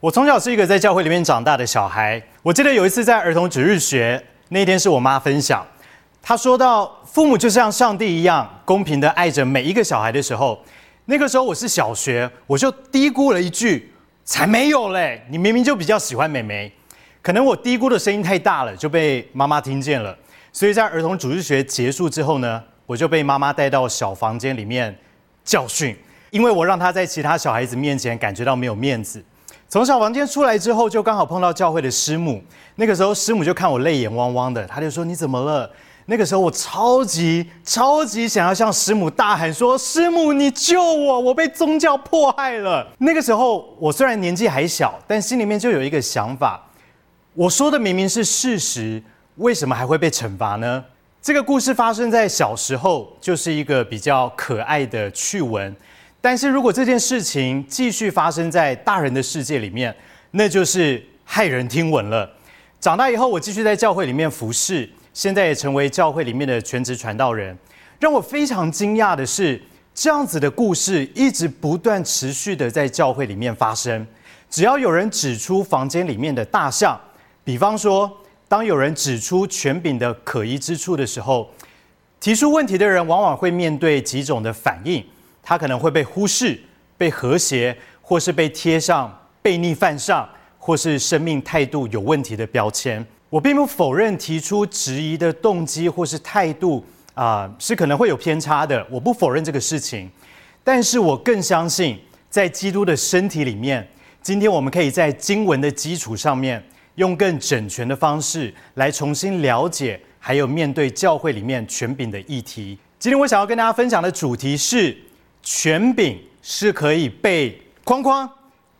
我從小是一個在教會裡面長大的小孩。我記得有一次在兒童主日學，那天是我媽分享，她說到父母就像上帝一樣公平的愛着每一個小孩的時候，那個時候我是小學，我就嘀咕了一句：“才沒有嘞！你明明就比較喜歡妹妹。”可能我嘀咕的聲音太大了，就被媽媽聽見了。所以在兒童主日學結束之後呢，我就被媽媽帶到小房間裡面教訓，因為我讓她在其他小孩子面前感覺到沒有面子。從小房間出來之後，就剛好碰到教會的師母。那個時候，師母就看我淚眼汪汪的，她就說：“你怎麼了？”那個時候，我超級超級想要向師母大喊說：“師母，你救我！我被宗教迫害了。”那個時候，我雖然年紀還小，但心裡面就有一個想法：我說的明明是事實，為什麼還會被懲罰呢？這個故事發生在小時候，就是一個比較可愛的趣聞。但是如果這件事情繼續發生在大人的世界裡面，那就是駭人聽聞了。長大以後，我繼續在教會裡面服侍，現在也成為教會裡面的全職傳道人。讓我非常驚訝的是，這樣子的故事一直不斷持續的在教會裡面發生。只要有人指出房間裡面的大象，比方說，當有人指出權柄的可疑之處的時候，提出問題的人往往會面對幾種的反應。他可能會被忽視、被和諧，或是被貼上悖逆犯上，或是生命態度有問題的標籤。我並不否認提出質疑的動機或是態度啊、呃，是可能會有偏差的。我不否認這個事情，但是我更相信在基督的身體裡面，今天我們可以在經文的基礎上面，用更整全的方式來重新了解，還有面對教會裡面權柄的議題。今天我想要跟大家分享的主題是。權柄是可以被框框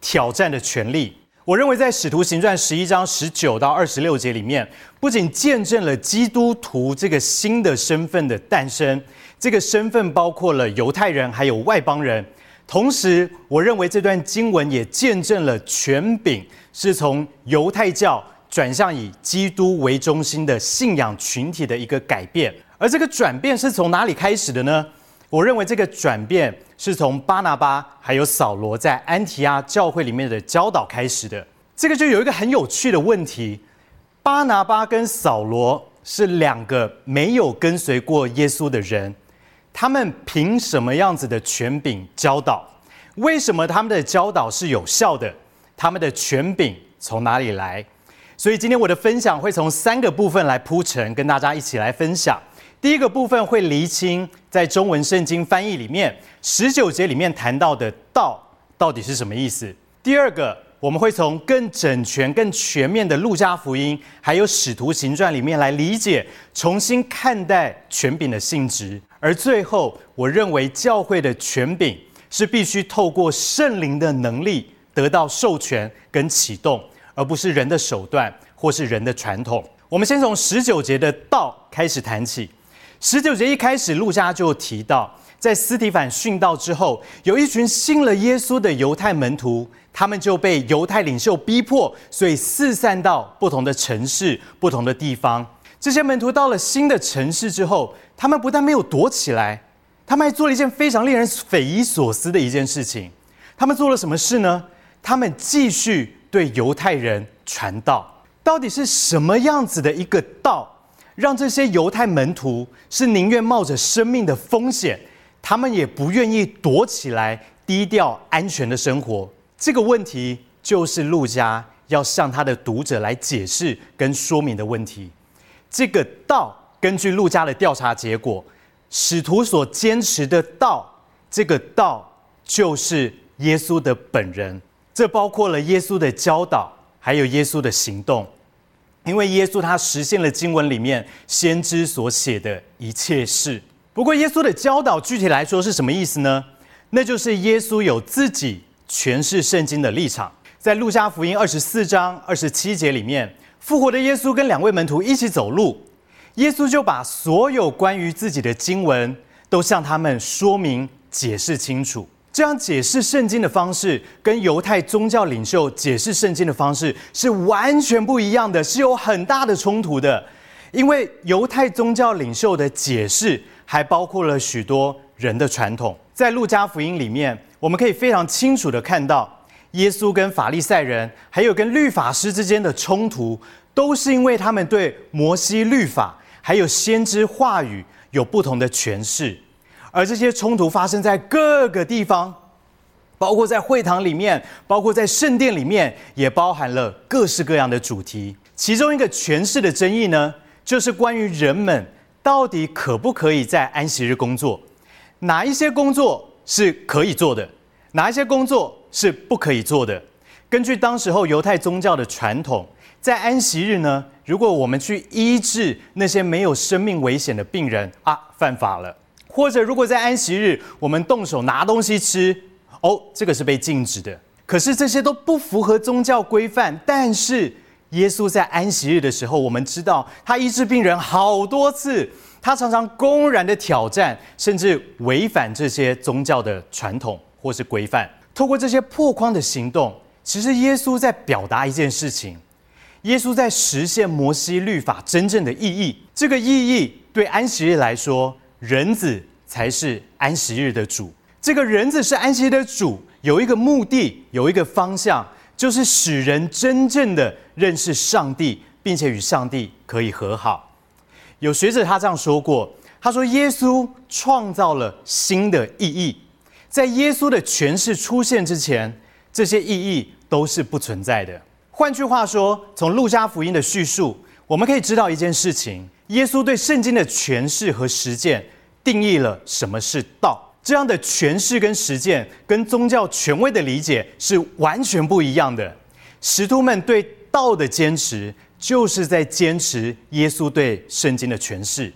挑戰的權力。我認為在，在使徒行傳十一章十九到二十六節裡面，不僅見證了基督徒這個新的身份的誕生，這個身份包括了猶太人還有外邦人。同時，我認為這段經文也見證了權柄是從猶太教轉向以基督為中心的信仰群體的一個改變。而這個轉變是從哪裡開始的呢？我認為這個轉變是從巴拿巴還有掃羅在安提阿教會裡面的教導開始的。這個就有一個很有趣的問題：巴拿巴跟掃羅是兩個沒有跟隨過耶穌的人，他們憑什麼樣子的權柄教導？為什麼他們的教導是有效的？他們的權柄從哪裡來？所以今天我的分享會從三個部分來鋪陳，跟大家一起來分享。第一個部分會釐清在中文聖經翻譯裡面十九節裡面談到的“道”到底是什麼意思。第二個，我們會從更整全、更全面的路加福音還有使徒行傳裡面來理解，重新看待權柄的性質。而最後，我認為教會的權柄是必須透過聖靈的能力得到授權跟啟動，而不是人的手段或是人的傳統。我們先從十九節的“道”開始談起。十九節一開始，路加就提到，在司提反殉道之後，有一群信了耶穌的猶太門徒，他們就被猶太領袖逼迫，所以四散到不同的城市、不同的地方。這些門徒到了新的城市之後，他們不但沒有躲起來，他們還做了一件非常令人匪夷所思的一件事情。他們做了什麼事呢？他們繼續對猶太人傳道。到底是什麼樣子的一個道？讓這些猶太門徒是寧願冒，冒着生命的風險，他們也不願意躲起來低調安全的生活。這個問題就是路加要向他的讀者來解釋跟說明的問題。這個道，根據路加的調查結果，使徒所堅持的道，這個道就是耶穌的本人。這包括了耶穌的教導，還有耶穌的行動。因為耶穌他實現了經文裡面先知所寫的一切事。不過，耶穌的教導具體來說是什麼意思呢？那就是耶穌有自己詮釋聖經的立場。在路加福音二十四章二十七節裡面，復活的耶穌跟兩位門徒一起走路，耶穌就把所有關於自己的經文都向他們說明、解釋清楚。這樣解釋聖經的方式，跟猶太宗教領袖解釋聖經的方式是完全不一樣的，是有很大的衝突的。因為猶太宗教領袖的解釋，還包括了許多人的傳統。在路加福音裡面，我們可以非常清楚地看到，耶穌跟法利賽人，還有跟律法師之間的衝突，都是因為他們對摩西律法，還有先知話語有不同的詮釋。而這些衝突發生在各個地方，包括在會堂裡面，包括在聖殿裡面，也包含了各式各樣的主題。其中一個詮釋的爭議呢，就是關於人們到底可不可以在安息日工作，哪一些工作是可以做的，哪一些工作是不可以做的。根據當時候猶太宗教的傳統，在安息日呢，如果我們去醫治那些沒有生命危險的病人啊，犯法了。或者，如果在安息日我們動手拿東西吃，哦，這個是被禁止的。可是這些都不符合宗教規範。但是耶穌在安息日的時候，我們知道他醫治病人好多次，他常常公然的挑戰，甚至違反這些宗教的傳統或是規範。透過這些破框的行動，其實耶穌在表達一件事情：耶穌在實現摩西律法真正的意義。這個意義對安息日來說。人子才是安息日的主。這個人子是安息日的主，有一個目的，有一個方向，就是使人真正的認識上帝，並且與上帝可以和好。有學者他這樣說過，他說：“耶穌創造了新的意義，在耶穌的詮釋出現之前，這些意義都是不存在的。”換句話說，從路加福音的敘述，我們可以知道一件事情。耶穌對聖經的詮釋和實踐，定義了什麼是道。這樣的詮釋跟實踐，跟宗教權威的理解是完全不一樣的。使徒們對道的堅持，就是在堅持耶穌對聖經的詮釋。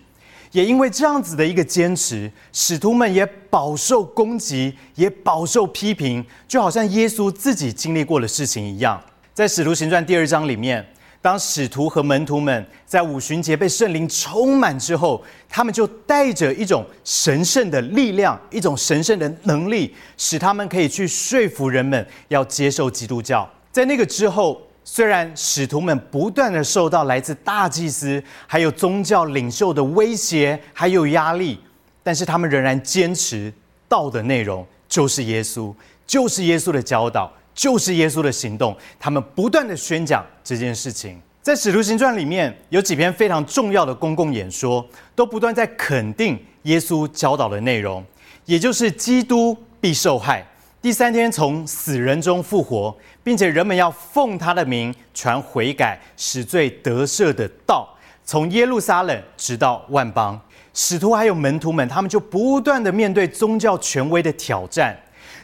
也因為這樣子的一個堅持，使徒們也飽受攻擊，也飽受批評，就好像耶穌自己經歷過的事情一樣。在《使徒行傳》第二章裡面。當使徒和門徒們在五旬節被聖靈充滿之後，他們就帶着一種神聖的力量，一種神聖的能力，使他們可以去說服人們要接受基督教。在那個之後，雖然使徒們不斷地受到來自大祭司還有宗教領袖的威脅還有壓力，但是他們仍然堅持道的內容就是耶穌，就是耶穌的教導，就是耶穌的行動，他們不斷的宣講這件事情。在使徒行傳裡面有幾篇非常重要的公共演說，都不斷在肯定耶穌教導的內容，也就是基督必受害，第三天從死人中復活，並且人們要奉他的名傳悔改、使罪得赦的道，從耶路撒冷直到萬邦。使徒還有門徒們，他們就不斷的面對宗教權威的挑戰。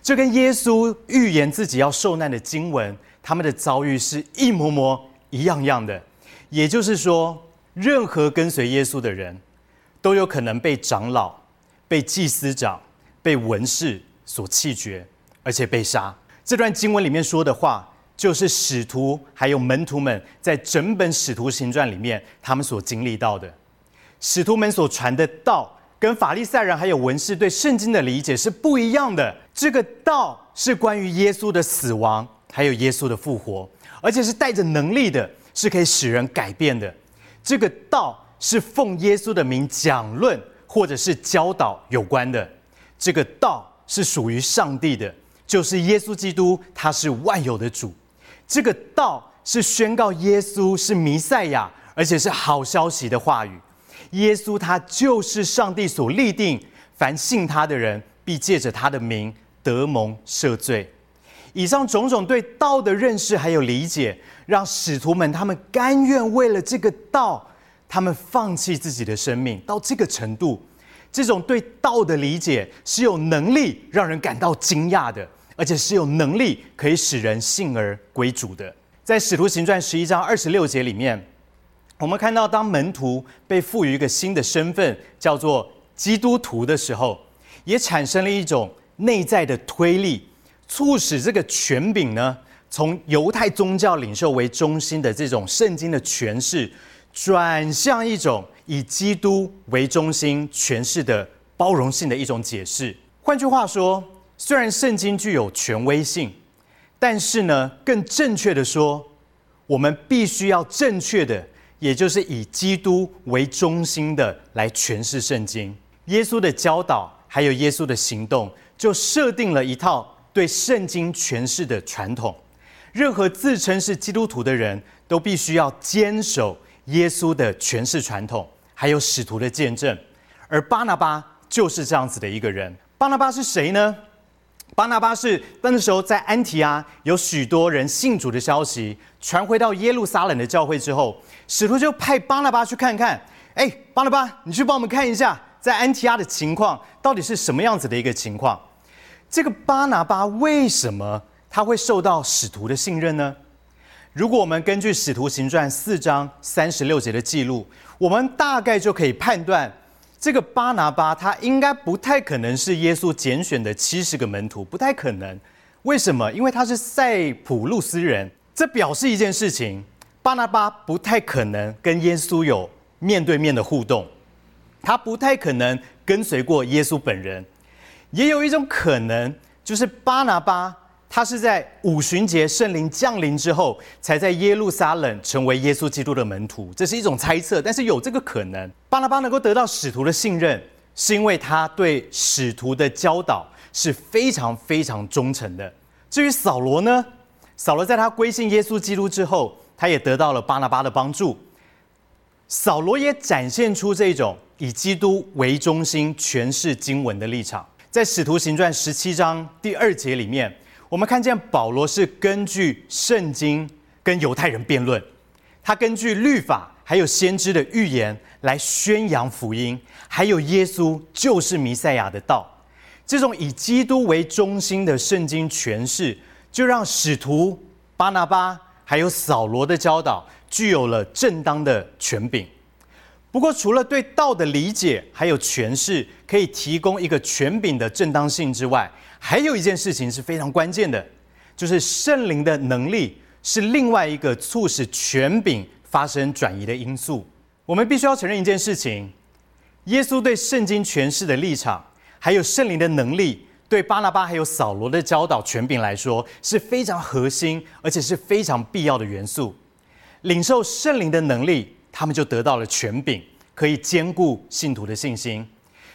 這跟耶穌預言自己要受難的經文，他們的遭遇是一模模、一樣樣的。也就是說，任何跟隨耶穌的人都有可能被長老、被祭司長、被文士所棄絕，而且被殺。這段經文裡面說的話，就是使徒還有門徒們在整本使徒行傳裡面他們所經歷到的。使徒們所傳的道，跟法利賽人還有文士對聖經的理解是不一樣的。這個道是關於耶穌的死亡，還有耶穌的復活，而且是帶着能力的，是可以使人改變的。這個道是奉耶穌的名講論，或者是教導有關的。這個道是屬於上帝的，就是耶穌基督，他是萬有的主。這個道是宣告耶穌是彌賽亞，而且是好消息的話語。耶穌他就是上帝所立定，凡信他的人必借着他的名得蒙赦罪。以上種種對道的認識還有理解，讓使徒們他們甘願為了這個道，他們放棄自己的生命到這個程度。這種對道的理解是有能力讓人感到驚訝的，而且是有能力可以使人信而歸主的。在《使徒行傳》十一章二十六節裡面，我們看到當門徒被賦予一個新的身份，叫做基督徒的時候，也產生了一種。內在的推力，促使這個權柄呢，從猶太宗教領袖為中心的這種聖經的詮釋，轉向一種以基督為中心詮釋的包容性的一種解釋。換句話說，雖然聖經具有權威性，但是呢，更正確的說，我們必須要正確的，也就是以基督為中心的來詮釋聖經。耶穌的教導，還有耶穌的行動，就設定了一套對聖經詮釋的傳統，任何自稱是基督徒的人都必須要堅守耶穌的詮釋傳統，還有使徒的見證。而巴拿巴就是這樣子的一個人。巴拿巴是誰呢？巴拿巴是那時候在安提阿有許多人信主的消息傳回到耶路撒冷的教會之後，使徒就派巴拿巴去看看。哎、欸，巴拿巴，你去幫我們看一下，在安提阿的情況到底是什麼樣子的一個情況。這個巴拿巴為什麼他會受到使徒的信任呢？如果我們根據《使徒行傳》四章三十六節的記錄，我們大概就可以判斷，這個巴拿巴他應該不太可能是耶穌揀選的七十個門徒，不太可能。為什麼？因為他是塞浦路斯人，這表示一件事情：巴拿巴不太可能跟耶穌有面對面的互動，他不太可能跟隨過耶穌本人。也有一種可能，就是巴拿巴他是在五旬節聖靈降臨之後，才在耶路撒冷成為耶穌基督的門徒。這是一種猜測，但是有這個可能。巴拿巴能夠得到使徒的信任，是因為他對使徒的教導是非常非常忠誠的。至於掃羅呢？掃羅在他歸信耶穌基督之後，他也得到了巴拿巴的幫助。掃羅也展現出這種以基督為中心詮釋經文的立場。在《使徒行傳》十七章第二節裡面，我們看見保羅是根據聖經跟猶太人辯論，他根據律法還有先知的預言來宣揚福音，還有耶穌就是彌賽亞的道。這種以基督為中心的聖經詮釋，就讓使徒巴拿巴還有掃羅的教導具有了正當的權柄。不過，除了對道的理解還有詮釋可以提供一個權柄的正當性之外，還有一件事情是非常關鍵的，就是聖靈的能力是另外一個促使權柄發生轉移的因素。我們必須要承認一件事情：耶穌對聖經詮釋的立場，還有聖靈的能力，對巴拿巴還有掃羅的教導權柄來說是非常核心，而且是非常必要的元素。領受聖靈的能力。他們就得到了權柄，可以堅固信徒的信心。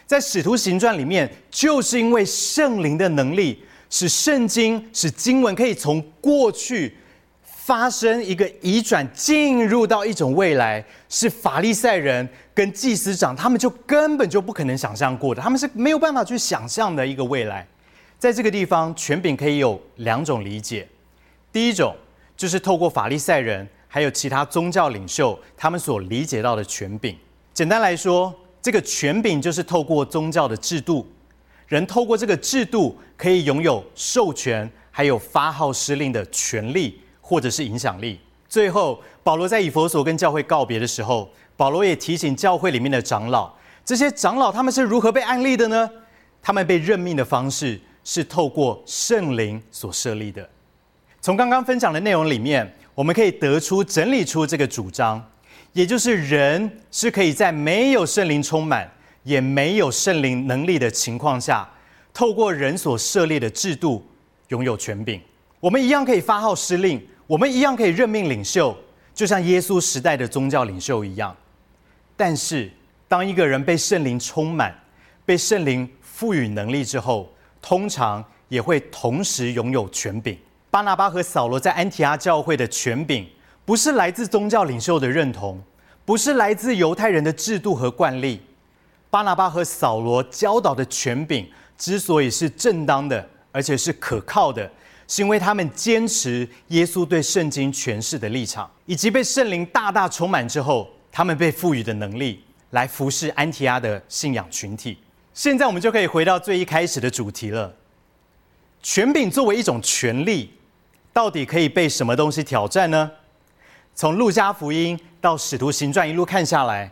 在使徒行傳裡面，就是因為聖靈的能力，使聖經、使經文可以從過去發生一個移轉，進入到一種未來，是法利賽人跟祭司長他們就根本就不可能想象過的，他們是沒有辦法去想象的一個未來。在這個地方，權柄可以有兩種理解，第一種就是透過法利賽人。還有其他宗教領袖，他們所理解到的權柄，簡單來說，這個權柄就是透過宗教的制度，人透過這個制度可以擁有授權，還有發號施令的權利或者是影響力。最後，保羅在以弗所跟教會告別的時候，保羅也提醒教會裡面的長老，這些長老他們是如何被按立的呢？他們被任命的方式是透過聖靈所設立的。從剛剛分享的內容裡面。我們可以得出、整理出這個主張，也就是人是可以在沒有聖靈充滿，也沒有聖靈能力的情況下，透過人所設立的制度擁有權柄。我們一樣可以發號施令，我們一樣可以任命領袖，就像耶穌時代的宗教領袖一樣。但是，當一個人被聖靈充滿、被聖靈賦予能力之後，通常也會同時擁有權柄。巴拿巴和掃羅在安提阿教會的權柄，不是來自宗教領袖的認同，不是來自猶太人的制度和慣例。巴拿巴和掃羅教導的權柄之所以是正當的，而且是可靠的，是因為他們堅持耶穌對聖經詮釋的立場，以及被聖靈大大充滿之後，他們被賦予的能力來服侍安提阿的信仰群體。現在我們就可以回到最一開始的主題了，權柄作為一種權力，到底可以被什麼東西挑戰呢？從《路加福音》到《使徒行傳》，一路看下來，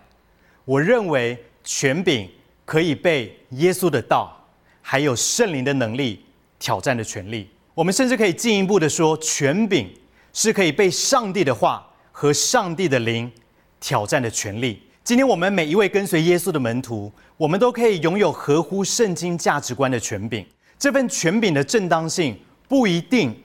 我認為權柄可以被耶穌的道，還有聖靈的能力挑戰的權力。我們甚至可以進一步的說，權柄是可以被上帝的話和上帝的靈挑戰的權力。今天我們每一位跟隨耶穌的門徒，我們都可以擁有合乎聖經價值觀的權柄。這份權柄的正當性不一定。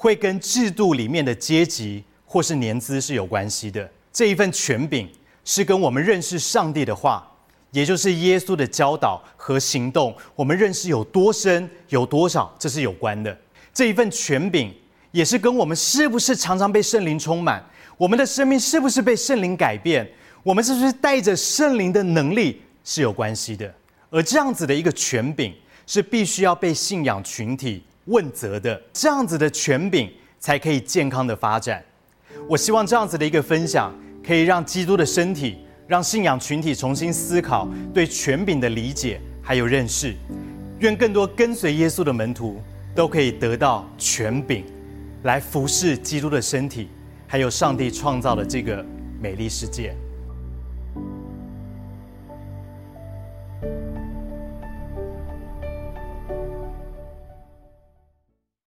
會跟制度裡面的階級或是年資是有關係的。這一份權柄是跟我們認識上帝的話，也就是耶穌的教導和行動，我們認識有多深、有多少，這是有關的。這一份權柄也是跟我們是不是常常被聖靈充滿，我們的生命是不是被聖靈改變，我們是不是帶着聖靈的能力是有關係的。而這樣子的一個權柄是必須要被信仰群體，問責的這樣子的權柄才可以健康的發展。我希望這樣子的一個分享可以讓基督的身體、讓信仰群體重新思考對權柄的理解還有認識。願更多跟隨耶穌的門徒都可以得到權柄，來服侍基督的身體，還有上帝創造的這個美麗世界。